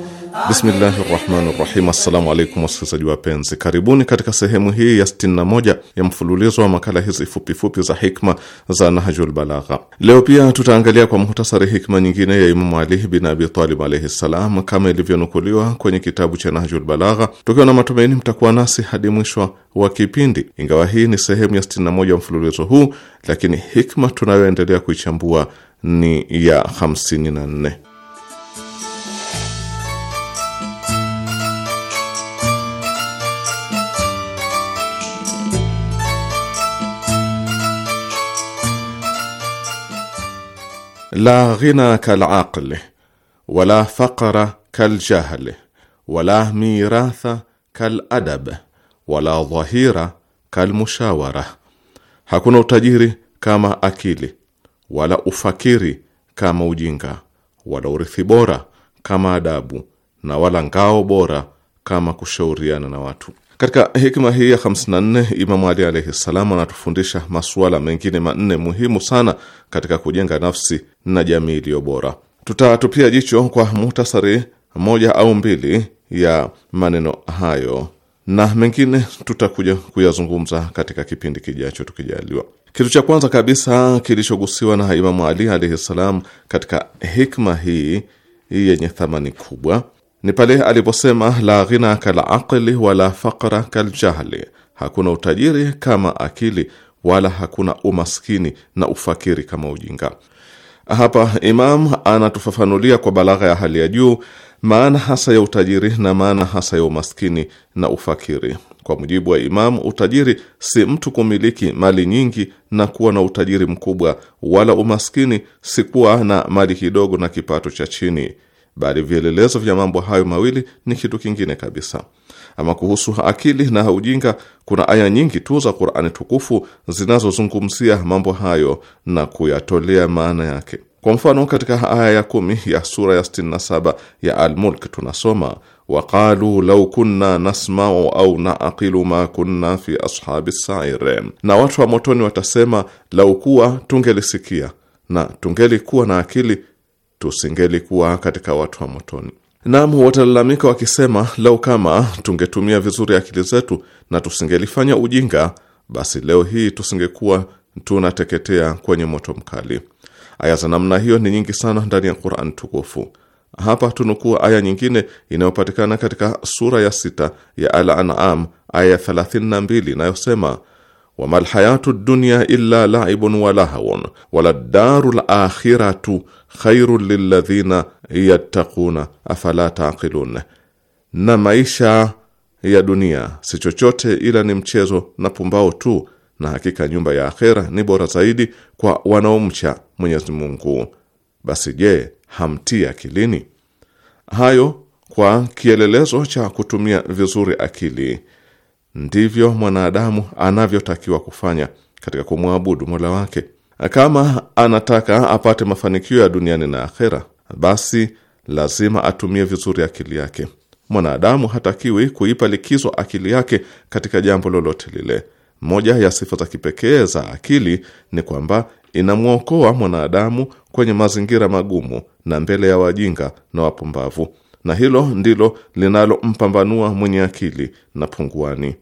Bismillahi rahmani rahim. Assalamu alaikum wasikilizaji wapenzi, karibuni katika sehemu hii ya 61 ya mfululizo wa makala hizi fupifupi za hikma za Nahjul Balagha. Leo pia tutaangalia kwa muhtasari hikma nyingine ya Imamu Ali bin Abi Talib alaihi ssalam, kama ilivyonukuliwa kwenye kitabu cha Nahjul Balagha, tukiwa na matumaini mtakuwa nasi hadi mwisho wa kipindi. Ingawa hii ni sehemu ya 61 ya mfululizo huu, lakini hikma tunayoendelea kuichambua ni ya 54. la ghina kalaqli wala faqra kaljahli wala miratha kaladab wala dhahira kalmushawara, hakuna utajiri kama akili wala ufakiri kama ujinga wala urithi bora kama adabu na wala ngao bora kama kushauriana na watu. Katika hikma hii ya 54 Imamu Ali alaihi ssalam anatufundisha masuala mengine manne muhimu sana katika kujenga nafsi na jamii iliyo bora. Tutatupia jicho kwa muhtasari moja au mbili ya maneno hayo na mengine tutakuja kuyazungumza katika kipindi kijacho tukijaliwa. Kitu cha kwanza kabisa kilichogusiwa na Imamu Ali alaihi ssalam katika hikma hii yenye thamani kubwa ni pale aliposema la ghina aqli wala faqra kaljahli, hakuna utajiri kama akili wala hakuna umaskini na ufakiri kama ujinga. Hapa Imam anatufafanulia kwa balagha ya hali ya juu maana hasa ya utajiri na maana hasa ya umaskini na ufakiri. Kwa mujibu wa Imam, utajiri si mtu kumiliki mali nyingi na kuwa na utajiri mkubwa, wala umaskini si kuwa na mali kidogo na kipato cha chini bali vielelezo vya mambo hayo mawili ni kitu kingine kabisa. Ama kuhusu akili na ujinga, kuna aya nyingi tu za Qur'ani tukufu zinazozungumzia mambo hayo na kuyatolea maana yake. Kwa mfano, katika aya ya kumi ya sura ya 67 ya Al-Mulk tunasoma waqalu lau kunna nasmau au naaqilu ma kunna fi ashabi sair, na watu wa motoni watasema lau kuwa tungelisikia na tungelikuwa na akili tusingelikuwa katika watu wa motoni. Naam, watalalamika wakisema, lau kama tungetumia vizuri akili zetu na tusingelifanya ujinga, basi leo hii tusingekuwa tunateketea kwenye moto mkali. Aya za namna hiyo ni nyingi sana ndani ya Quran tukufu. Hapa tunukua aya nyingine inayopatikana katika sura ya sita ya Al-An'am aya ya 32 inayosema wamal hayatu dunya illa laibun wa wala daru lakhiratu khairun lilladhina yattaquna afala taqilun, na maisha ya dunia si chochote ila ni mchezo na pumbao tu, na hakika nyumba ya akhera ni bora zaidi kwa wanaomcha Mwenyezi Mungu. Basi je, hamtii akilini hayo kwa kielelezo cha kutumia vizuri akili ndivyo mwanadamu anavyotakiwa kufanya katika kumwabudu Mola wake. Kama anataka apate mafanikio ya duniani na akhera, basi lazima atumie vizuri akili yake. Mwanadamu hatakiwi kuipa likizo akili yake katika jambo lolote lile. Moja ya sifa za kipekee za akili ni kwamba inamwokoa mwanadamu kwenye mazingira magumu na mbele ya wajinga na wapumbavu na hilo ndilo linalompambanua mwenye akili na punguani.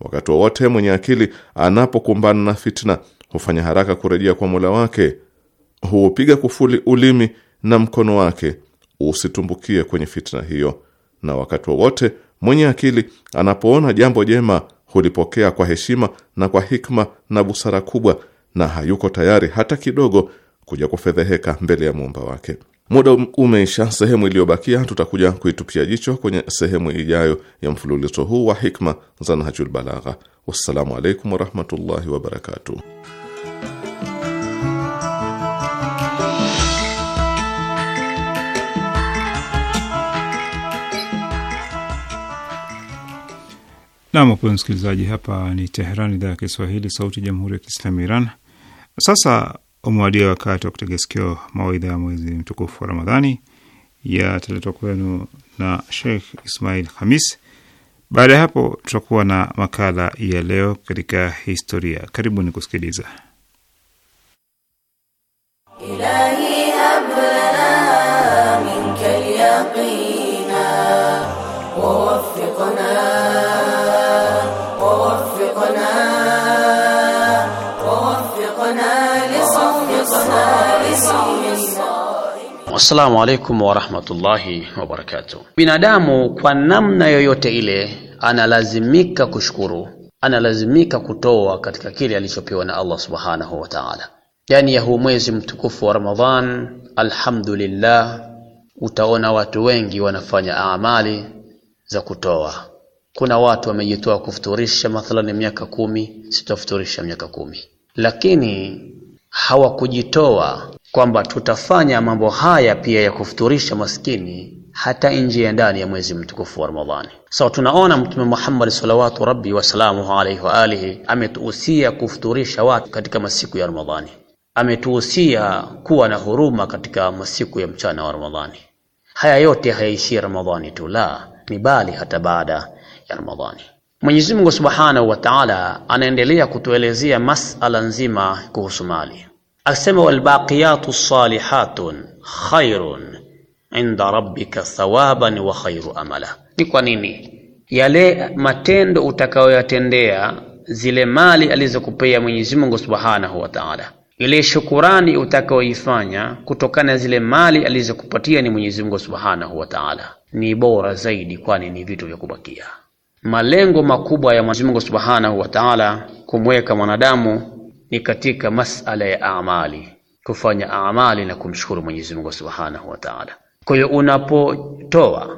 Wakati wowote mwenye akili anapokumbana na fitna hufanya haraka kurejea kwa Mola wake, huupiga kufuli ulimi na mkono wake usitumbukie kwenye fitna hiyo, na wakati wowote mwenye akili anapoona jambo jema hulipokea kwa heshima na kwa hikma na busara kubwa, na hayuko tayari hata kidogo kuja kufedheheka mbele ya muumba wake. Muda umeisha. Sehemu iliyobakia tutakuja kuitupia jicho kwenye sehemu ijayo ya mfululizo huu wa hikma za Nahjul Balagha. Wassalamu alaikum warahmatullahi wabarakatuh. Nam, msikilizaji, hapa ni Teheran, idhaa ya Kiswahili, sauti ya jamhuri ya kiislamu Iran. Sasa umewadia wakati wa kutega sikio. Mawaidha ya mwezi mtukufu wa Ramadhani yataletwa kwenu na Sheikh Ismail Hamis. Baada ya hapo, tutakuwa na makala ya leo katika historia. Karibuni kusikiliza Ilahi. Wassalamu alaikum warahmatullahi wabarakatuh. Binadamu kwa namna yoyote ile analazimika kushukuru, analazimika kutoa katika kile alichopewa na Allah subhanahu wa ta'ala. Ndani ya huu mwezi mtukufu wa Ramadhan, alhamdulillah, utaona watu wengi wanafanya amali za kutoa. Kuna watu wamejitoa kufuturisha, mathalan miaka kumi, sitafuturisha miaka kumi, lakini hawakujitoa kwamba tutafanya mambo haya pia ya kufuturisha maskini hata nje ya ndani ya mwezi mtukufu wa Ramadhani. So tunaona Mtume Muhammad salawatu rabbi wasalamuhu alaihi wa alihi ametuhusia kufuturisha watu katika masiku ya Ramadhani, ametuhusia kuwa na huruma katika masiku ya mchana wa Ramadhani. Haya yote hayaishii Ramadhani tu, la ni bali hata baada ya Ramadhani. Mwenyezi Mungu subhanahu wa taala anaendelea kutuelezea masala nzima kuhusu mali asema walbaqiyatu salihatun khairun inda rabbika thawaban wa khairu amala. Ni kwa nini yale matendo utakayoyatendea zile mali alizokupea Mwenyezi Mungu Subhanahu wa Ta'ala, ile shukurani utakayoifanya kutokana na zile mali alizokupatia ni Mwenyezi Mungu Subhanahu wa Ta'ala ni bora zaidi, kwani ni vitu vya kubakia. Malengo makubwa ya Mwenyezi Mungu Subhanahu wa Ta'ala kumweka mwanadamu ni katika masala ya amali, kufanya amali na kumshukuru Mwenyezi Mungu Subhanahu wa Ta'ala. Kwa hiyo unapotoa,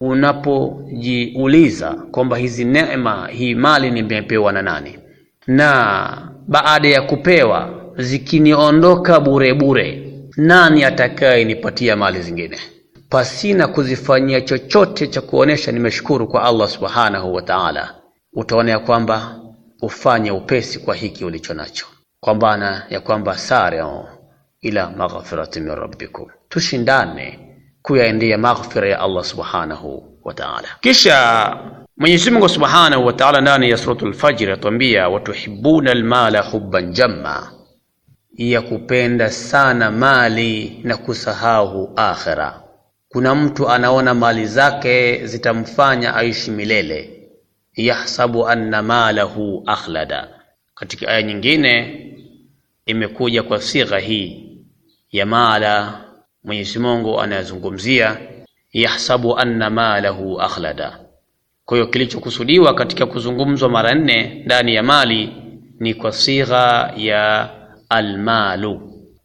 unapojiuliza kwamba hizi neema, hii mali nimepewa na nani, na baada ya kupewa zikiniondoka bure bure, nani atakayenipatia mali zingine pasina kuzifanyia chochote cha kuonesha nimeshukuru kwa Allah Subhanahu wa Ta'ala, utaona ya kwamba ufanye upesi kwa hiki ulicho nacho, kwa maana ya kwamba sariu ila maghfirati min rabbikum, tushindane kuyaendea maghfira ya Allah subhanahu wa ta'ala. Kisha Mwenyezi Mungu subhanahu wa ta'ala ndani ya suratul Fajr atuambia watuhibuna almala hubban jamma, ya kupenda sana mali na kusahau akhira. Kuna mtu anaona mali zake zitamfanya aishi milele yahsabu anna malahu akhlada. Katika aya nyingine imekuja kwa sigha hii ya mala. Mwenyezi Mungu anayazungumzia yahsabu anna malahu akhlada. Kwa hiyo kilichokusudiwa katika kuzungumzwa mara nne ndani ya mali ni kwa sigha ya almalu.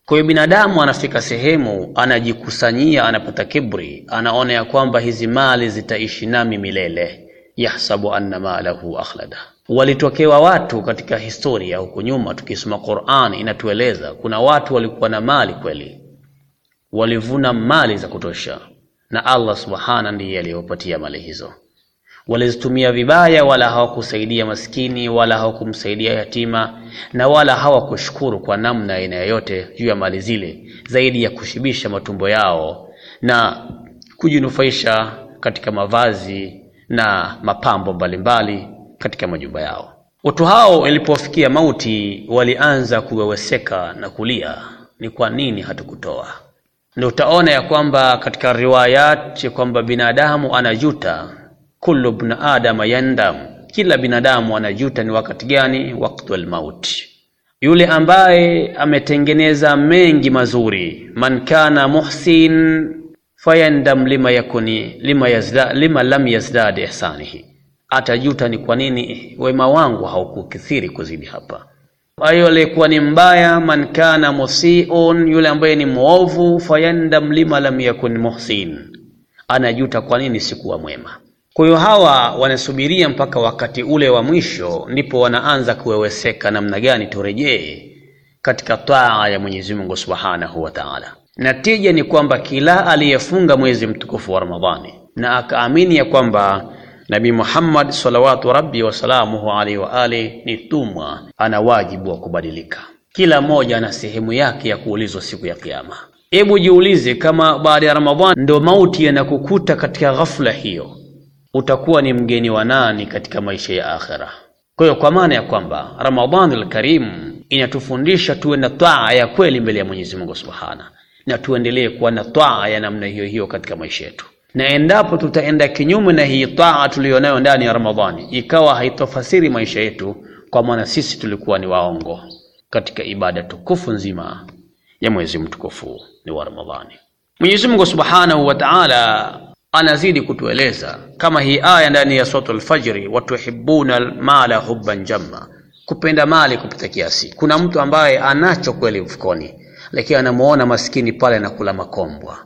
Kwa hiyo binadamu anafika sehemu anajikusanyia, anapata kibri, anaona ya kwamba hizi mali zitaishi nami milele yahsabu anna malahu akhlada. Walitokewa watu katika historia huko nyuma, tukisoma Qur'an inatueleza kuna watu walikuwa na mali kweli, walivuna mali za kutosha, na Allah subhana ndiye aliyopatia mali hizo. Walizitumia vibaya, wala hawakusaidia maskini, wala hawakumsaidia yatima, na wala hawakushukuru kwa namna aina yoyote juu ya mali zile, zaidi ya kushibisha matumbo yao na kujinufaisha katika mavazi na mapambo mbalimbali mbali katika majumba yao. Watu hao walipofikia mauti walianza kuweweseka na kulia, ni kwa nini hatukutoa? Ndio utaona ya kwamba katika riwayat kwamba binadamu anajuta, kullu ibn adama yandam, kila binadamu anajuta. Ni wakati gani? Waktul mauti. Yule ambaye ametengeneza mengi mazuri, man kana muhsin fayandam lima yakuni lima yazda, lima lam yazdad ihsanihi, atajuta ni kwa nini wema wangu haukukithiri kuzidi hapa. Ayo, aliyekuwa ni mbaya, man kana musiun, yule ambaye ni mwovu, fayandam lima lam yakun muhsin, anajuta kwa nini sikuwa mwema. Kwa hiyo hawa wanasubiria mpaka wakati ule wa mwisho, ndipo wanaanza kuweweseka namna gani turejee katika taa ya Mwenyezi Mungu Subhanahu wa Ta'ala natija ni kwamba kila aliyefunga mwezi mtukufu wa Ramadhani na akaamini ya kwamba nabi Muhammad salawatu rabbi wasalamuhu alaihi wa ali ni tumwa, ana wajibu wa kubadilika. Kila mmoja ana sehemu yake ya kuulizwa siku ya Kiyama. Hebu jiulize, kama baada ya Ramadhani ndo mauti yanakukuta katika ghafla hiyo, utakuwa ni mgeni wa nani katika maisha ya akhera? Kwa hiyo kwa maana ya kwamba Ramadhanul Karim inatufundisha tuwe na taa ya kweli mbele ya Mwenyezi Mungu subhana na tuendelee kuwa na taa ya namna hiyo hiyo katika maisha yetu. Na endapo tutaenda kinyume na hii taa tuliyonayo ndani ya Ramadhani, ikawa haitofasiri maisha yetu, kwa maana sisi tulikuwa ni waongo katika ibada tukufu nzima ya mwezi mtukufu ni wa Ramadhani. Mwenyezi Mungu Subhanahu wa Ta'ala anazidi kutueleza kama hii aya ndani ya suratul Fajri, watuhibbuna mala hubban jamma, kupenda mali kupita kiasi. Kuna mtu ambaye anacho kweli mfukoni lakini anamuona maskini pale anakula makombwa,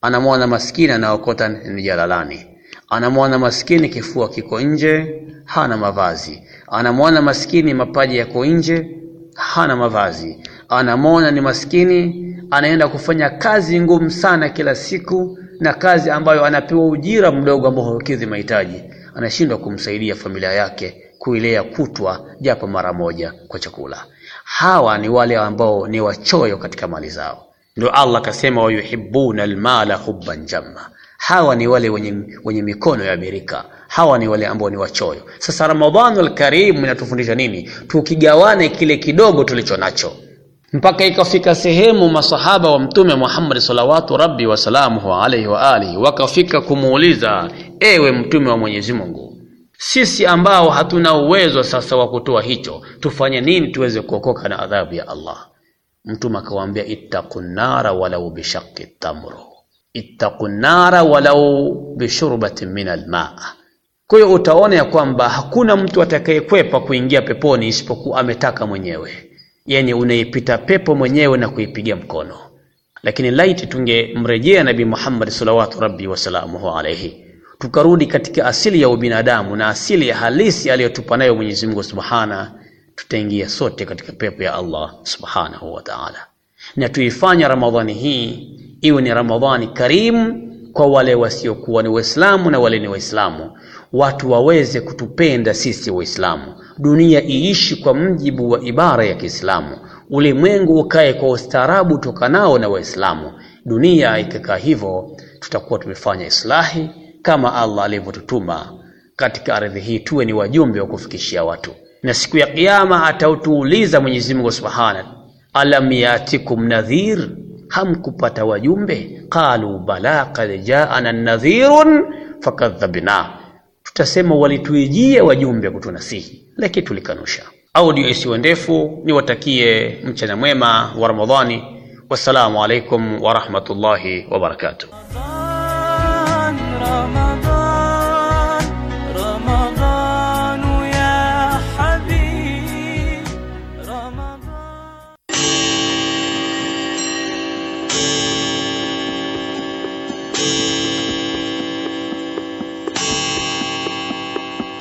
anamuona maskini anaokota ni jalalani anamuona maskini kifua kiko nje, hana mavazi, anamuona maskini mapaji yako nje, hana mavazi, anamuona ni maskini anaenda kufanya kazi ngumu sana kila siku, na kazi ambayo anapewa ujira mdogo ambao haukidhi mahitaji, anashindwa kumsaidia familia yake kuilea kutwa japo mara moja kwa chakula hawa ni wale ambao ni wachoyo katika mali zao. Ndio Allah akasema wayuhibbuna almala hubban jamma, hawa ni wale wenye, wenye mikono ya birika, hawa ni wale ambao ni wachoyo. Sasa Ramadhanul Karim inatufundisha nini? Tukigawane kile kidogo tulicho nacho mpaka ikafika sehemu masahaba wa Mtume Muhammad salawatu rabbi wasalamuhu alaihi wa alihi wakafika kumuuliza, ewe Mtume wa Mwenyezi Mungu sisi ambao hatuna uwezo sasa wa kutoa hicho, tufanye nini tuweze kuokoka na adhabu ya Allah? Mtume akawaambia, ittaqun nara walau bishaqqi tamro, ittaqun nara walau bishurbatin min almaa. Kwa hiyo utaona ya kwamba hakuna mtu atakayekwepa kuingia peponi isipokuwa ametaka mwenyewe, yani unaipita pepo mwenyewe na kuipiga mkono. Lakini laiti tungemrejea Nabii Muhammad sallallahu alaihi wasallam tukarudi katika asili ya ubinadamu na asili ya halisi aliyotupa nayo Mwenyezi Mungu Subhana, tutaingia sote katika pepo ya Allah Subhanahu wa Ta'ala, na tuifanya Ramadhani hii iwe ni Ramadhani karimu kwa wale wasiokuwa ni Waislamu na wale ni Waislamu, watu waweze kutupenda sisi Waislamu, dunia iishi kwa mjibu wa ibara ya Kiislamu, ulimwengu ukae kwa ustaarabu tokanao na Waislamu. Dunia ikikaa hivyo, tutakuwa tumefanya islahi kama Allah alivyotutuma katika ardhi hii tuwe ni wajumbe wa kufikishia watu, na siku ya Kiyama atautuuliza Mwenyezi Mungu Subhanahu, alam yatikum nadhir, hamkupata wajumbe? Qalu bala qad jaana nadhirun fakadhabna, tutasema walituijia wajumbe kutunasihi, lakini tulikanusha. Audio isiwe ndefu, niwatakie mchana mwema wa Ramadhani. Wassalamu alaikum warahmatullahi wabarakatuh.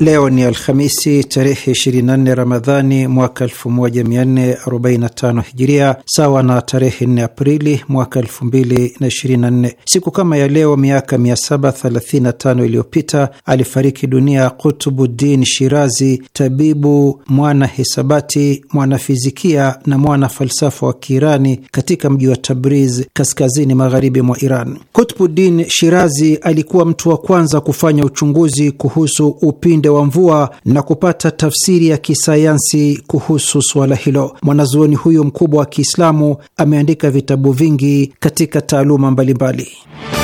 Leo ni Alhamisi tarehe 24 Ramadhani mwaka 1445 Hijiria, sawa na tarehe 4 Aprili mwaka 2024. Siku kama ya leo miaka 735 iliyopita alifariki dunia Kutubuddin Shirazi, tabibu, mwana hisabati, mwanafizikia na mwana falsafa wa Kiirani katika mji wa Tabriz, kaskazini magharibi mwa Iran. Kutubuddin Shirazi alikuwa mtu wa kwanza kufanya uchunguzi kuhusu upinde kawaida wa mvua na kupata tafsiri ya kisayansi kuhusu suala hilo. Mwanazuoni huyo mkubwa wa Kiislamu ameandika vitabu vingi katika taaluma mbalimbali mbali.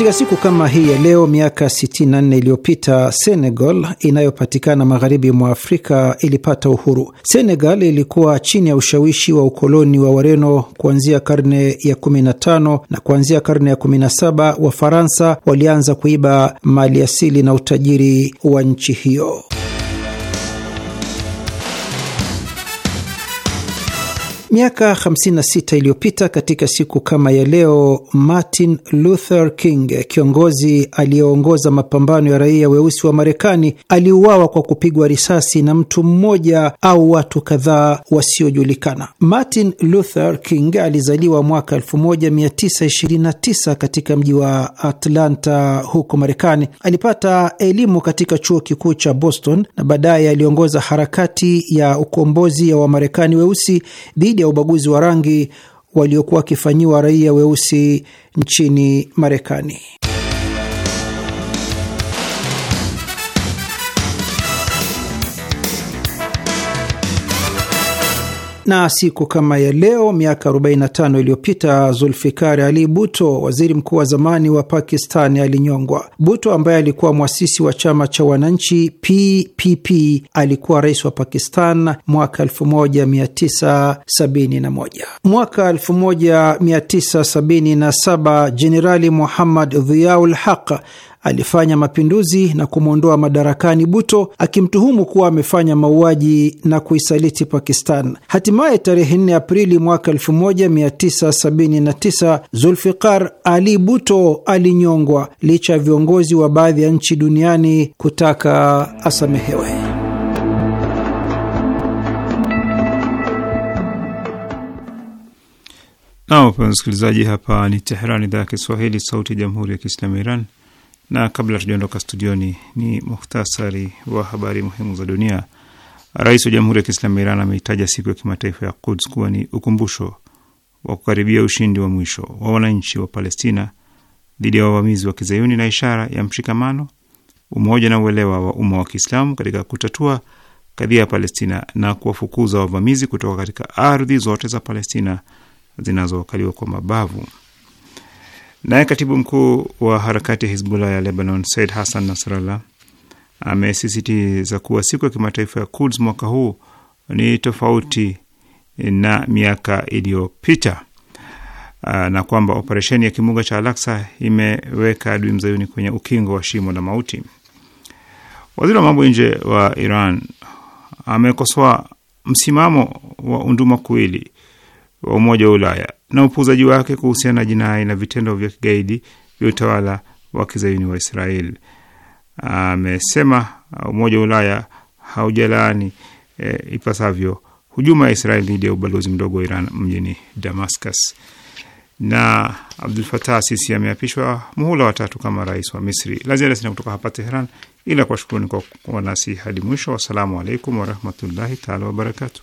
Katika siku kama hii ya leo miaka 64 iliyopita Senegal inayopatikana magharibi mwa Afrika ilipata uhuru. Senegal ilikuwa chini ya ushawishi wa ukoloni wa Wareno kuanzia karne ya 15 na kuanzia karne ya 17 Wafaransa walianza kuiba maliasili na utajiri wa nchi hiyo. Miaka 56 iliyopita katika siku kama ya leo, Martin Luther King, kiongozi aliyeongoza mapambano ya raia weusi wa Marekani, aliuawa kwa kupigwa risasi na mtu mmoja au watu kadhaa wasiojulikana. Martin Luther King alizaliwa mwaka 1929 katika mji wa Atlanta huko Marekani. Alipata elimu katika chuo kikuu cha Boston na baadaye aliongoza harakati ya ukombozi ya Wamarekani weusi dhidi dhidi ya ubaguzi wa rangi waliokuwa wakifanyiwa raia weusi nchini Marekani. Na siku kama ya leo miaka 45 iliyopita Zulfikari Ali buto waziri mkuu wa zamani wa Pakistani, alinyongwa. buto ambaye alikuwa mwasisi wa chama cha wananchi PPP alikuwa rais wa Pakistan mwaka 1971. Mwaka 1977 Jenerali Muhammad Dhiaul Haq alifanya mapinduzi na kumwondoa madarakani Buto, akimtuhumu kuwa amefanya mauaji na kuisaliti Pakistan. Hatimaye tarehe 4 Aprili mwaka 1979 zulfiqar Ali Buto alinyongwa licha ya viongozi wa baadhi ya nchi duniani kutaka asamehewe. Nawape msikilizaji, hapa ni Teheran, idhaa ya Kiswahili, sauti ya jamhuri ya kiislamu ya Iran. Na kabla tujaondoka studioni, ni muhtasari wa habari muhimu za dunia. Rais wa Jamhuri ya Kiislamu ya Iran ameitaja siku ya kimataifa ya Quds kuwa ni ukumbusho wa kukaribia ushindi wa mwisho wa wananchi wa Palestina dhidi ya wavamizi wa kizayuni na ishara ya mshikamano, umoja na uelewa wa umma wa Kiislamu katika kutatua kadhia ya Palestina na kuwafukuza wavamizi kutoka katika ardhi zote za Palestina zinazokaliwa kwa mabavu. Naye katibu mkuu wa harakati ya Hizbullah ya Lebanon Said Hassan Nasrallah amesisitiza kuwa siku ya kimataifa ya Quds mwaka huu ni tofauti na miaka iliyopita ah, na kwamba operesheni ya kimbunga cha alaksa imeweka adui mzayuni kwenye ukingo wa shimo la mauti. Waziri wa mambo nje wa Iran amekosoa msimamo wa unduma kuili wa Umoja wa Ulaya na upuuzaji wake kuhusiana na jinai na vitendo vya kigaidi vya utawala wa kizayuni wa Israel. Amesema Umoja wa Ulaya haujalaani e, ipasavyo hujuma ya Israel dhidi ya ubalozi mdogo wa Iran mjini Damascus. Na Abdul Fatah Sisi ameapishwa muhula watatu kama rais wa Misri. La ziada sina kutoka hapa Teheran, ila kwa shukrani kwa kuwa nasi hadi mwisho. Wassalamu alaikum warahmatullahi taala wabarakatu.